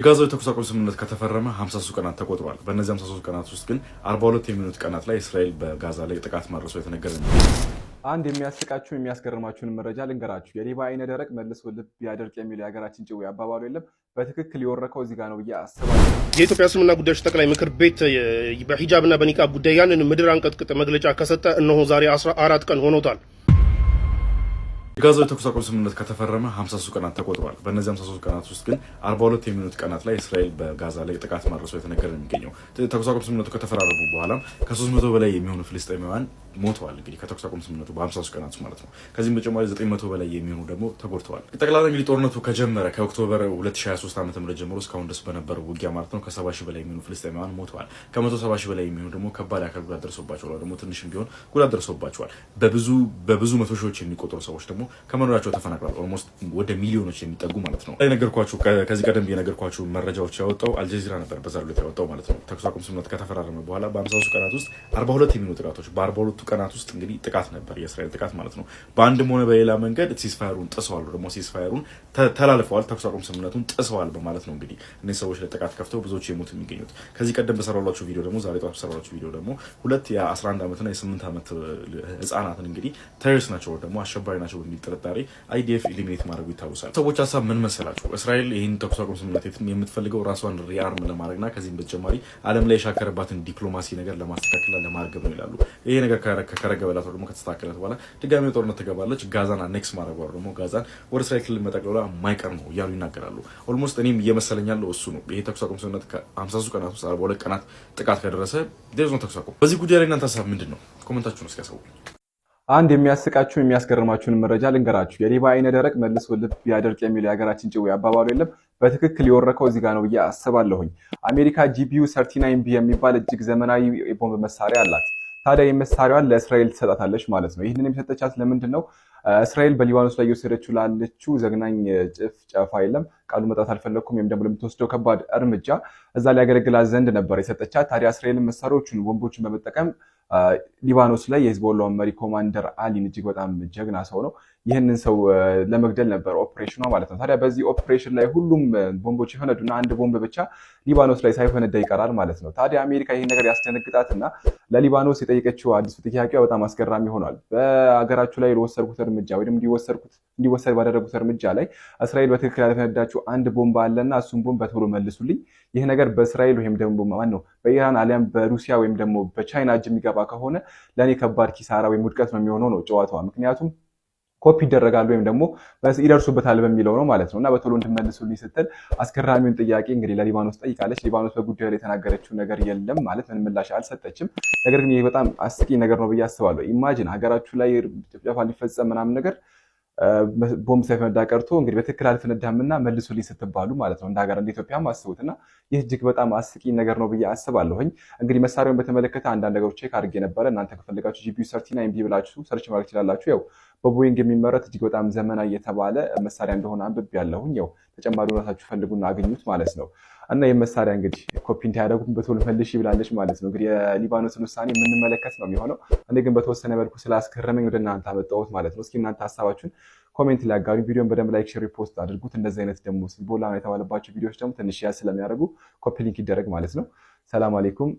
የጋዛው የተኩስ አቁም ስምምነት ከተፈረመ 53 ቀናት ተቆጥሯል። በእነዚህ 53 ቀናት ውስጥ ግን 42 የሚሆኑት ቀናት ላይ እስራኤል በጋዛ ላይ ጥቃት ማድረሱ የተነገረ ነው። አንድ የሚያስቃችሁ የሚያስገርማችሁን መረጃ ልንገራችሁ። የሌባ አይነ ደረቅ መልሶ ልብ ያደርቅ የሚለው የሀገራችን ጭዌ አባባሉ የለም። በትክክል የወረቀው እዚህ ጋር ነው ብዬ አስባለሁ። የኢትዮጵያ እስልምና ጉዳዮች ጠቅላይ ምክር ቤት በሂጃብና በኒቃብ ጉዳይ ያንን ምድር አንቀጥቅጥ መግለጫ ከሰጠ እነሆ ዛሬ 14 ቀን ሆኖታል። የጋዛው የተኩስ አቁም ስምምነት ከተፈረመ 53 ቀናት ተቆጥሯል። በእነዚህ 53 ቀናት ውስጥ ግን 42 የሚሆኑት ቀናት ላይ እስራኤል በጋዛ ላይ ጥቃት ማድረሱ የተነገረ የሚገኘው ተኩስ አቁም ስምምነቱ ከተፈራረሙ በኋላም ከ300 በላይ የሚሆኑ ፍልስጤማውያን ሞተዋል እንግዲህ ከተኩስ አቁም ስምምነቱ በ53 ቀናት ማለት ነው። ከዚህም በጨማሪ 900 በላይ የሚሆኑ ደግሞ ተጎድተዋል። ጠቅላላ እንግዲህ ጦርነቱ ከጀመረ ከኦክቶበር 2023 ዓ ም ጀምሮ እስካሁን ድረስ በነበረው ውጊያ ማለት ነው ከ70 ሺህ በላይ የሚሆኑ ፍልስጤማውያን ሞተዋል። ከ170 ሺህ በላይ የሚሆኑ ደግሞ ከባድ አካል ጉዳት ደርሶባቸዋል፣ ደግሞ ትንሽም ቢሆን ጉዳት ደርሶባቸዋል። በብዙ በብዙ መቶ ሺዎች የሚቆጠሩ ሰዎች ደግሞ ከመኖሪያቸው ተፈናቅሏል። ኦልሞስት ወደ ሚሊዮኖች የሚጠጉ ማለት ነው። ነገርኳችሁ ከዚህ ቀደም የነገርኳችሁ መረጃዎች ያወጣው አልጀዚራ ነበር በዛሬው ያወጣው ማለት ነው። ተኩስ አቁም ስምምነት ከተፈራረመ በኋላ በ53 ቀናት ውስጥ 42 የሚሆኑ ጥቃቶች በ42 በሁለቱ ቀናት ውስጥ እንግዲህ ጥቃት ነበር፣ የእስራኤል ጥቃት ማለት ነው። በአንድም ሆነ በሌላ መንገድ ሲስፋሩን ጥሰዋል፣ ደግሞ ሲስፋሩን ተላልፈዋል፣ ተኩስ አቁም ስምምነቱን ጥሰዋል በማለት ነው እንግዲህ እነዚህ ሰዎች ላይ ጥቃት ከፍተው ብዙዎች የሞት የሚገኙት። ከዚህ ቀደም በሰራሏቸው ቪዲዮ ደግሞ ዛሬ ጠዋት በሰራሏቸው ቪዲዮ ደግሞ ሁለት የ11 ዓመትና የ8 ዓመት ህጻናትን እንግዲህ ተሪስ ናቸው ደግሞ አሸባሪ ናቸው በሚል ጥርጣሬ አይዲኤፍ ኢሊሚኔት ማድረጉ ይታወሳል። ሰዎች ሀሳብ ምን መሰላቸው? እስራኤል ይህን ተኩስ አቁም ስምምነት የምትፈልገው ራሷን ሪአርም ለማድረግና ከዚህም በተጨማሪ ዓለም ላይ የሻከረባትን ዲፕሎማሲ ነገር ለማስተካከልና ለማርገብ ነው ይላሉ። ይሄ ነገር ከረገበላት ደግሞ ከተስተካከለት በኋላ ድጋሚ ጦርነት ትገባለች። ጋዛን አኔክስ ማድረጓ ደግሞ ጋዛን ወደ እስራኤል ክልል መጠቅለሏ የማይቀር ነው እያሉ ይናገራሉ። ኦልሞስት እኔም እየመሰለኛለ እሱ ነው። ይሄ ተኩስ አቁም ስምምነት ከሀምሳ ሦስት ቀናት ውስጥ አርባ ሁለት ቀናት ጥቃት ከደረሰ ዴዝ ነው ተኩስ አቁም። በዚህ ጉዳይ ላይ እናንተ ሀሳብ ምንድን ነው? ኮመንታችሁን እስኪ ያሳውቁ። አንድ የሚያስቃችሁ የሚያስገርማችሁን መረጃ ልንገራችሁ። የሌባ አይነ ደረቅ መልሶ ልብ ያደርቅ የሚለው የሀገራችን ጭዊ አባባሉ የለም። በትክክል የወረከው እዚህ ጋር ነው ብዬ አስባለሁኝ። አሜሪካ ጂቢዩ ሰርቲናይን ቢ የሚባል እጅግ ዘመናዊ የቦምብ መሳሪያ አላት። ታዲያ የመሳሪያዋን ለእስራኤል ትሰጣታለች ማለት ነው። ይህንን የሰጠቻት ለምንድን ነው? እስራኤል በሊባኖስ ላይ እየወሰደችው ላለችው ዘግናኝ ጭፍጨፋ የለም ቃሉ መጣት አልፈለግኩም ወይም ደግሞ ለምትወስደው ከባድ እርምጃ እዛ ሊያገለግላት ዘንድ ነበር የሰጠቻት። ታዲያ እስራኤልን መሳሪያዎቹን፣ ቦምቦችን በመጠቀም ሊባኖስ ላይ የሂዝቦላውን መሪ ኮማንደር አሊን እጅግ በጣም ጀግና ሰው ነው ይህንን ሰው ለመግደል ነበር ኦፕሬሽኗ ማለት ነው። ታዲያ በዚህ ኦፕሬሽን ላይ ሁሉም ቦምቦች ይፈነዱና አንድ ቦምብ ብቻ ሊባኖስ ላይ ሳይፈነዳ ይቀራል ማለት ነው። ታዲያ አሜሪካ ይህን ነገር ያስደነግጣትና ለሊባኖስ የጠየቀችው አዲሱ ጥያቄዋ በጣም አስገራሚ ሆኗል። በሀገራችሁ ላይ ለወሰድኩት እርምጃ ወይም እንዲወሰድ ባደረጉት እርምጃ ላይ እስራኤል በትክክል ያልፈነዳችው አንድ ቦምብ አለና እሱም ቦምብ በቶሎ መልሱልኝ። ይህ ነገር በእስራኤል ወይም ደግሞ ነው በኢራን አሊያም በሩሲያ ወይም ደግሞ በቻይና እጅ የሚገባ ከሆነ ለእኔ ከባድ ኪሳራ ወይም ውድቀት ነው የሚሆነው ነው ጨዋታዋ ምክንያቱም ኮፒ ይደረጋል ወይም ደግሞ ይደርሱበታል በሚለው ነው ማለት ነው። እና በቶሎ እንድመልሱልኝ ስትል አስገራሚውን ጥያቄ እንግዲህ ለሊባኖስ ጠይቃለች። ሊባኖስ በጉዳዩ ላይ የተናገረችው ነገር የለም ማለት ምን ምላሽ አልሰጠችም። ነገር ግን ይህ በጣም አስቂ ነገር ነው ብዬ አስባለሁ። ኢማጂን ሀገራችሁ ላይ ጭፍጨፋ ሊፈጸም ምናምን ነገር ቦምብ ሳይፈነዳ ቀርቶ እንግዲህ በትክክል አልፈነዳምና መልሱልኝ ስትባሉ ማለት ነው። እንደ ሀገር እንደ ኢትዮጵያም አስቡት እና ይህ እጅግ በጣም አስቂ ነገር ነው ብዬ አስባለሁኝ። እንግዲህ መሳሪያውን በተመለከተ አንዳንድ ነገሮች ቼክ አድርጌ ነበረ። እናንተ ከፈለጋችሁ ጂፒዩ ሰርቲና ቢ ብላችሁ ሰርች ማድረግ ትችላላችሁ ያው በቦይንግ የሚመረት እጅግ በጣም ዘመናዊ የተባለ መሳሪያ እንደሆነ አንብብ ያለሁኝ። ው ተጨማሪ ራሳችሁ ፈልጉና አገኙት ማለት ነው። እና ይህ መሳሪያ እንግዲህ ኮፒ እንዲያደርጉም በቶሎ መልሽ ይብላለች ማለት ነው። እንግዲህ የሊባኖስን ውሳኔ የምንመለከት ነው የሚሆነው። እኔ ግን በተወሰነ መልኩ ስላስገረመኝ ወደ እናንተ አመጣሁት ማለት ነው። እስኪ እናንተ ሀሳባችሁን ኮሜንት ላይ አጋሩ። ቪዲዮን በደንብ ላይክ፣ ሼር፣ ሪፖስት አድርጉት። እንደዚህ አይነት ደግሞ ሲቦላ የተባለባቸው ቪዲዮዎች ደግሞ ትንሽ ያ ስለሚያደርጉ ኮፒ ሊንክ ይደረግ ማለት ነው። ሰላም አሌይኩም።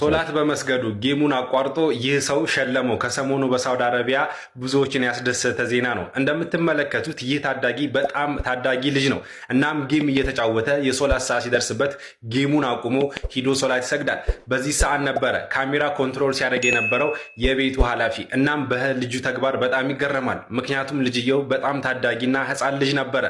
ሶላት በመስገዱ ጌሙን አቋርጦ ይህ ሰው ሸለመው። ከሰሞኑ በሳውዲ አረቢያ ብዙዎችን ያስደሰተ ዜና ነው። እንደምትመለከቱት ይህ ታዳጊ በጣም ታዳጊ ልጅ ነው። እናም ጌም እየተጫወተ የሶላት ሰዓት ሲደርስበት ጌሙን አቁሞ ሂዶ ሶላት ይሰግዳል። በዚህ ሰዓት ነበረ ካሜራ ኮንትሮል ሲያደርግ የነበረው የቤቱ ኃላፊ። እናም በልጁ ተግባር በጣም ይገረማል። ምክንያቱም ልጅየው በጣም ታዳጊና ሕፃን ልጅ ነበረ።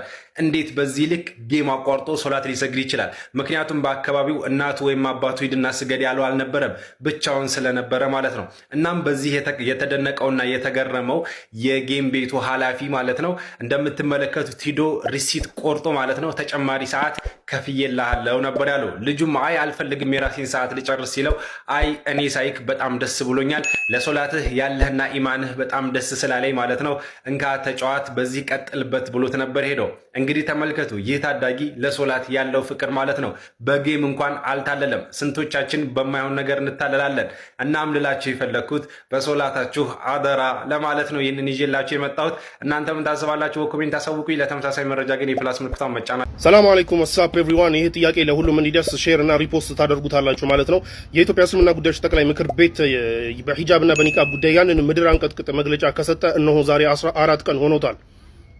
እንዴት በዚህ ልክ ጌም አቋርጦ ሶላት ሊሰግድ ይችላል? ምክንያቱም በአካባቢው እናቱ ወይም አባቱ ሂድና ስገድ ያለዋል አልነበረም፣ ብቻውን ስለነበረ ማለት ነው። እናም በዚህ የተደነቀውና የተገረመው የጌም ቤቱ ኃላፊ ማለት ነው እንደምትመለከቱት ሂዶ ሪሲት ቆርጦ ማለት ነው ተጨማሪ ሰዓት ከፍዬልሃለሁ ነበር ያለው። ልጁም አይ አልፈልግም የራሴን ሰዓት ልጨርስ ሲለው አይ እኔ ሳይክ በጣም ደስ ብሎኛል፣ ለሶላትህ ያለህና ኢማንህ በጣም ደስ ስላለኝ ማለት ነው፣ እንካ ተጫዋት፣ በዚህ ቀጥልበት ብሎት ነበር ሄደው። እንግዲህ ተመልከቱ፣ ይህ ታዳጊ ለሶላት ያለው ፍቅር ማለት ነው። በጌም እንኳን አልታለለም። ስንቶቻችን በማይሆን ነገር እንታለላለን። እናም ልላችሁ የፈለግኩት በሶላታችሁ አደራ ለማለት ነው። ይህንን ይዤላችሁ የመጣሁት እናንተ ምን ታስባላችሁ? በኮሜንት አሳውቁኝ። ለተመሳሳይ መረጃ ግን የፕላስ ምልክቷን መጫና ሰላም አለይኩም ኤቭሪዋን ይህ ጥያቄ ለሁሉም እንዲደርስ ሼር እና ሪፖስት ታደርጉታላችሁ ማለት ነው። የኢትዮጵያ እስልምና ጉዳዮች ጠቅላይ ምክር ቤት በሂጃብና በኒቃብ ጉዳይ ያንን ምድር አንቀጥቅጥ መግለጫ ከሰጠ እነሆ ዛሬ 14 ቀን ሆኖታል።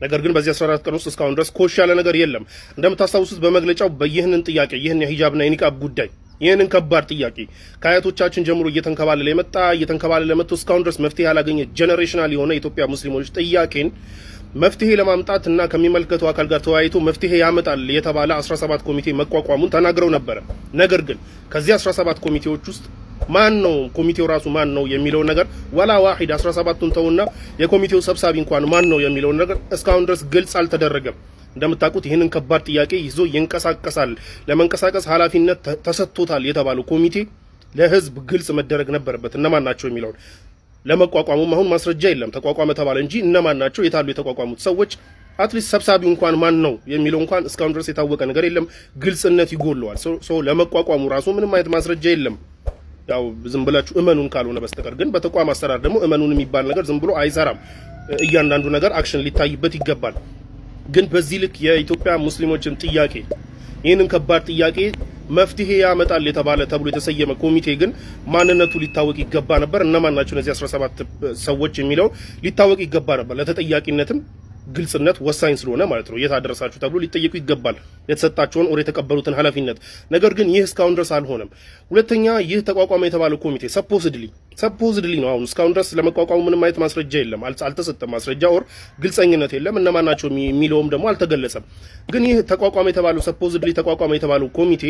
ነገር ግን በዚህ 14 ቀን ውስጥ እስካሁን ድረስ ኮሽ ያለ ነገር የለም። እንደምታስታውሱት በመግለጫው ይህንን ጥያቄ ይህን የሂጃብና የኒቃብ ጉዳይ ይህንን ከባድ ጥያቄ ከአያቶቻችን ጀምሮ እየተንከባለለ የመጣ እየተንከባለለ መጥቶ እስካሁን ድረስ መፍትሄ ያላገኘ ጄኔሬሽናል የሆነ የኢትዮጵያ ሙስሊሞች ጥያቄን መፍትሄ ለማምጣት እና ከሚመለከተው አካል ጋር ተወያይቶ መፍትሄ ያመጣል የተባለ 17 ኮሚቴ መቋቋሙን ተናግረው ነበረ። ነገር ግን ከዚህ 17 ኮሚቴዎች ውስጥ ማን ነው ኮሚቴው ራሱ ማን ነው የሚለው ነገር ወላ ዋሂድ 17ቱን ተውና የኮሚቴው ሰብሳቢ እንኳን ማን ነው የሚለው ነገር እስካሁን ድረስ ግልጽ አልተደረገም። እንደምታውቁት ይህንን ከባድ ጥያቄ ይዞ ይንቀሳቀሳል፣ ለመንቀሳቀስ ኃላፊነት ተሰጥቶታል የተባለው ኮሚቴ ለህዝብ ግልጽ መደረግ ነበረበት እነማን ናቸው የሚለውን ለመቋቋሙም አሁን ማስረጃ የለም። ተቋቋመ ተባለ እንጂ እነማን ናቸው የታሉ የተቋቋሙት ሰዎች አትሊስት ሰብሳቢ እንኳን ማን ነው የሚለው እንኳን እስካሁን ድረስ የታወቀ ነገር የለም። ግልጽነት ይጎለዋል። ለመቋቋሙ ራሱ ምንም አይነት ማስረጃ የለም። ያው ዝም ብላችሁ እመኑን ካልሆነ በስተቀር ግን በተቋም አሰራር ደግሞ እመኑን የሚባል ነገር ዝም ብሎ አይሰራም። እያንዳንዱ ነገር አክሽን ሊታይበት ይገባል። ግን በዚህ ልክ የኢትዮጵያ ሙስሊሞችን ጥያቄ ይህንን ከባድ ጥያቄ መፍትሄ ያመጣል የተባለ ተብሎ የተሰየመ ኮሚቴ ግን ማንነቱ ሊታወቅ ይገባ ነበር። እነማን ናቸው እነዚህ 17 ሰዎች የሚለው ሊታወቅ ይገባ ነበር። ለተጠያቂነትም ግልጽነት ወሳኝ ስለሆነ ማለት ነው። የት አደረሳችሁ ተብሎ ሊጠየቁ ይገባል፣ የተሰጣቸውን ወር የተቀበሉትን ኃላፊነት። ነገር ግን ይህ እስካሁን ድረስ አልሆነም። ሁለተኛ ይህ ተቋቋመ የተባለ ኮሚቴ ሰፖስድሊ ሰፖዝድሊ ነው። አሁን እስካሁን ድረስ ለመቋቋሙ ምንም አይነት ማስረጃ የለም፣ አልተሰጠም ማስረጃ ወር ግልጸኝነት የለም። እነማን ናቸው የሚለውም ደግሞ አልተገለጸም። ግን ይህ ተቋቋመ የተባለው ሰፖዝድሊ ተቋቋመ የተባለው ኮሚቴ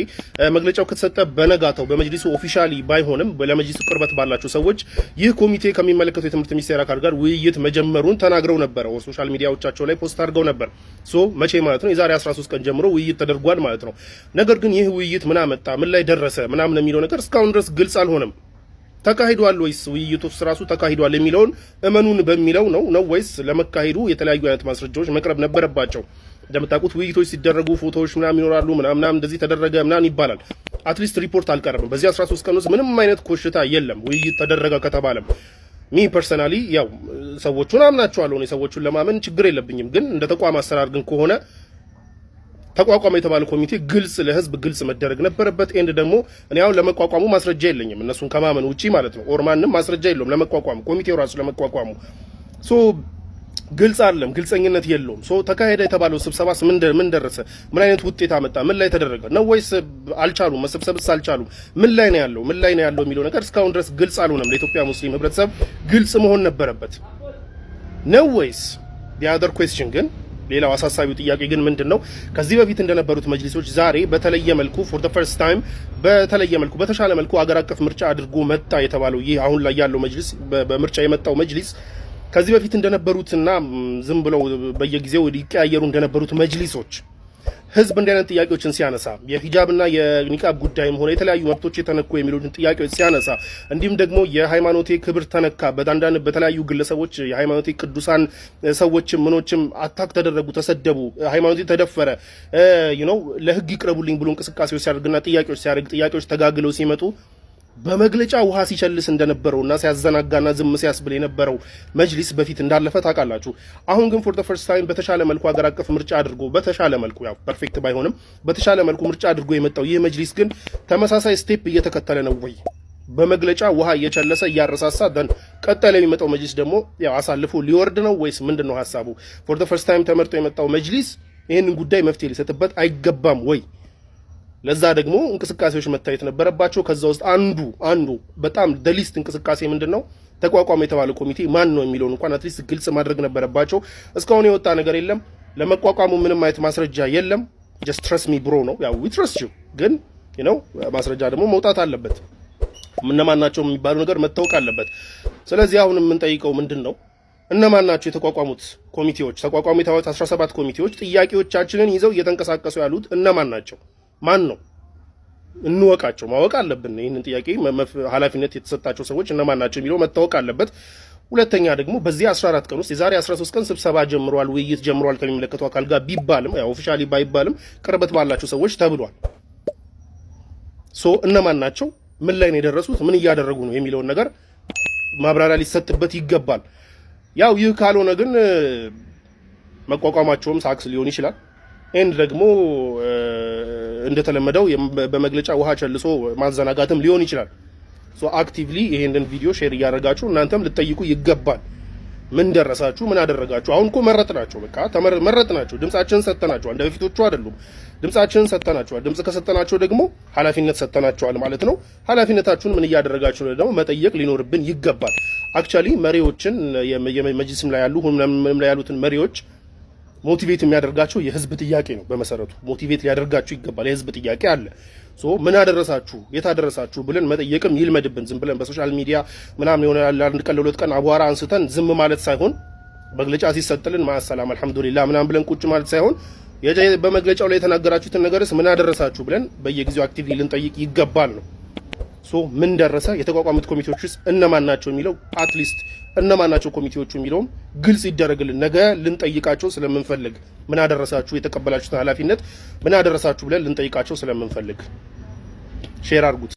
መግለጫው ከተሰጠ በነጋተው በመጅሊሱ ኦፊሻሊ ባይሆንም ለመጅሊሱ ቅርበት ባላቸው ሰዎች ይህ ኮሚቴ ከሚመለከተው የትምህርት ሚኒስቴር አካል ጋር ውይይት መጀመሩን ተናግረው ነበረ፣ ሶሻል ሚዲያዎቻቸው ላይ ፖስት አድርገው ነበር። ሶ መቼ ማለት ነው? የዛሬ 13 ቀን ጀምሮ ውይይት ተደርጓል ማለት ነው። ነገር ግን ይህ ውይይት ምን አመጣ፣ ምን ላይ ደረሰ ምናምን የሚለው ነገር እስካሁን ድረስ ግልጽ አልሆነም። ተካሂዷል ወይስ ውይይቱስ ራሱ ተካሂዷል የሚለውን እመኑን በሚለው ነው ነው ወይስ ለመካሄዱ የተለያዩ አይነት ማስረጃዎች መቅረብ ነበረባቸው? እንደምታውቁት ውይይቶች ሲደረጉ ፎቶዎች ምናምን ይኖራሉ፣ ምናምን እንደዚህ ተደረገ ምናምን ይባላል። አትሊስት ሪፖርት አልቀረብም። በዚህ 13 ቀን ውስጥ ምንም አይነት ኮሽታ የለም። ውይይት ተደረገ ከተባለም ሚ ፐርሰናሊ ያው ሰዎቹን አምናቸዋለሁ። እኔ ሰዎቹን ለማመን ችግር የለብኝም። ግን እንደ ተቋም አሰራር ግን ከሆነ ተቋቋመ የተባለ ኮሚቴ ግልጽ ለህዝብ ግልጽ መደረግ ነበረበት። ኤንድ ደግሞ እኔ አሁን ለመቋቋሙ ማስረጃ የለኝም እነሱን ከማመን ውጪ ማለት ነው። ኦር ማንም ማስረጃ የለውም ለመቋቋሙ ኮሚቴው ራሱ ለመቋቋሙ ሶ ግልጽ አለም ግልጸኝነት የለውም። ሶ ተካሄደ የተባለው ስብሰባስ ምን ደረሰ? ምን አይነት ውጤት አመጣ? ምን ላይ ተደረገ ነው ወይስ አልቻሉም? መሰብሰብስ አልቻሉም? ምን ላይ ነው ያለው? ምን ላይ ነው ያለው የሚለው ነገር እስካሁን ድረስ ግልጽ አልሆነም። ለኢትዮጵያ ሙስሊም ህብረተሰብ ግልጽ መሆን ነበረበት ነው ወይስ? ዲያደር ኩዌስችን ግን ሌላው አሳሳቢው ጥያቄ ግን ምንድን ነው? ከዚህ በፊት እንደነበሩት መጅሊሶች ዛሬ በተለየ መልኩ ፎር ዘ ፈርስት ታይም በተለየ መልኩ በተሻለ መልኩ አገር አቀፍ ምርጫ አድርጎ መጣ የተባለው ይህ አሁን ላይ ያለው መጅሊስ በምርጫ የመጣው መጅሊስ ከዚህ በፊት እንደነበሩትና ዝም ብለው በየጊዜው ይቀያየሩ እንደነበሩት መጅሊሶች ህዝብ እንዲህ አይነት ጥያቄዎችን ሲያነሳ የሂጃብና የኒቃብ ጉዳይም ሆነ የተለያዩ መብቶች የተነኩ የሚሉትን ጥያቄዎች ሲያነሳ እንዲሁም ደግሞ የሃይማኖቴ ክብር ተነካ በዳንዳን በተለያዩ ግለሰቦች የሃይማኖቴ ቅዱሳን ሰዎችም ምኖችም አታክ ተደረጉ፣ ተሰደቡ፣ ሃይማኖቴ ተደፈረ ነው ለህግ ይቅረቡልኝ ብሎ እንቅስቃሴዎች ሲያደርግና ጥያቄዎች ሲያደርግ ጥያቄዎች ተጋግለው ሲመጡ በመግለጫ ውሃ ሲቸልስ እንደነበረውና ሲያዘናጋና ዝም ሲያስብል የነበረው መጅሊስ በፊት እንዳለፈ ታውቃላችሁ። አሁን ግን ፎር ደ ፈርስት ታይም በተሻለ መልኩ ሀገር አቀፍ ምርጫ አድርጎ በተሻለ መልኩ ያው ፐርፌክት ባይሆንም በተሻለ መልኩ ምርጫ አድርጎ የመጣው ይህ መጅሊስ ግን ተመሳሳይ ስቴፕ እየተከተለ ነው ወይ? በመግለጫ ውሃ እየቸለሰ እያረሳሳ ደን ቀጣይ የሚመጣው መጅሊስ ደግሞ ያው አሳልፎ ሊወርድ ነው ወይስ ምንድን ነው ሀሳቡ? ፎር ደ ፈርስት ታይም ተመርጦ የመጣው መጅሊስ ይህንን ጉዳይ መፍትሄ ሊሰጥበት አይገባም ወይ? ለዛ ደግሞ እንቅስቃሴዎች መታየት ነበረባቸው። ከዛ ውስጥ አንዱ አንዱ በጣም ደሊስት እንቅስቃሴ ምንድን ነው ተቋቋመ የተባለ ኮሚቴ ማን ነው የሚለውን እንኳን አትሊስት ግልጽ ማድረግ ነበረባቸው። እስካሁን የወጣ ነገር የለም። ለመቋቋሙ ምንም አይነት ማስረጃ የለም። ጀስት ትረስ ሚ ብሮ ነው ያው ዊትረስ ግን ነው ማስረጃ ደግሞ መውጣት አለበት። እነማን ናቸው የሚባለው ነገር መታወቅ አለበት። ስለዚህ አሁን የምንጠይቀው ምንድን ነው እነማን ናቸው የተቋቋሙት ኮሚቴዎች? ተቋቋሚ የተባሉት 17 ኮሚቴዎች ጥያቄዎቻችንን ይዘው እየተንቀሳቀሱ ያሉት እነማን ናቸው? ማን ነው? እንወቃቸው። ማወቅ አለብን። ይህንን ጥያቄ ኃላፊነት የተሰጣቸው ሰዎች እነማን ናቸው የሚለው መታወቅ አለበት። ሁለተኛ ደግሞ በዚህ 14 ቀን ውስጥ የዛሬ 13 ቀን ስብሰባ ጀምሯል፣ ውይይት ጀምሯል ከሚመለከተው አካል ጋር ቢባልም ያው ኦፊሻሊ ባይባልም ቅርበት ባላቸው ሰዎች ተብሏል። ሶ እነማን ናቸው? ምን ላይ ነው የደረሱት? ምን እያደረጉ ነው የሚለውን ነገር ማብራሪያ ሊሰጥበት ይገባል። ያው ይህ ካልሆነ ግን መቋቋማቸውም ሳክስ ሊሆን ይችላል ኤንድ ደግሞ እንደተለመደው በመግለጫ ውሃ ቸልሶ ማዘናጋትም ሊሆን ይችላል። አክቲቭሊ ይሄንን ቪዲዮ ሼር እያደረጋችሁ እናንተም ልጠይቁ ይገባል። ምን ደረሳችሁ? ምን አደረጋችሁ? አሁን እኮ መረጥ ናቸው። በቃ መረጥ ናቸው። ድምጻችንን ሰጠናቸዋል። እንደ በፊቶቹ አይደሉም። ድምጻችንን ሰጠናቸዋል። ድምጽ ከሰጠናቸው ደግሞ ኃላፊነት ሰጠናቸዋል ማለት ነው። ኃላፊነታችሁን ምን እያደረጋችሁ ነው ደግሞ መጠየቅ ሊኖርብን ይገባል። አክቹአሊ መሪዎችን የመጅሊስም ላይ ያሉ ሁሉም ላይ ያሉትን መሪዎች ሞቲቬት የሚያደርጋቸው የህዝብ ጥያቄ ነው። በመሰረቱ ሞቲቬት ሊያደርጋችሁ ይገባል። የህዝብ ጥያቄ አለ። ሶ ምን አደረሳችሁ የታደረሳችሁ ብለን መጠየቅም ይልመድብን። ዝም ብለን በሶሻል ሚዲያ ምናምን የሆነ አንድ ቀን ለሁለት ቀን አቧራ አንስተን ዝም ማለት ሳይሆን መግለጫ ሲሰጥልን ማሰላም አልሐምዱሊላህ ምናምን ብለን ቁጭ ማለት ሳይሆን በመግለጫው ላይ የተናገራችሁትን ነገርስ ምን አደረሳችሁ ብለን በየጊዜው አክቲቭሊ ልንጠይቅ ይገባል ነው ሶ ምን ደረሰ፣ የተቋቋሙት ኮሚቴዎች ውስጥ እነማን ናቸው የሚለው አትሊስት እነማን ናቸው ኮሚቴዎቹ የሚለውም ግልጽ ይደረግልን። ነገ ልንጠይቃቸው ስለምንፈልግ ምን አደረሳችሁ፣ የተቀበላችሁትን ኃላፊነት ምን አደረሳችሁ ብለን ልንጠይቃቸው ስለምንፈልግ ሼር አድርጉት።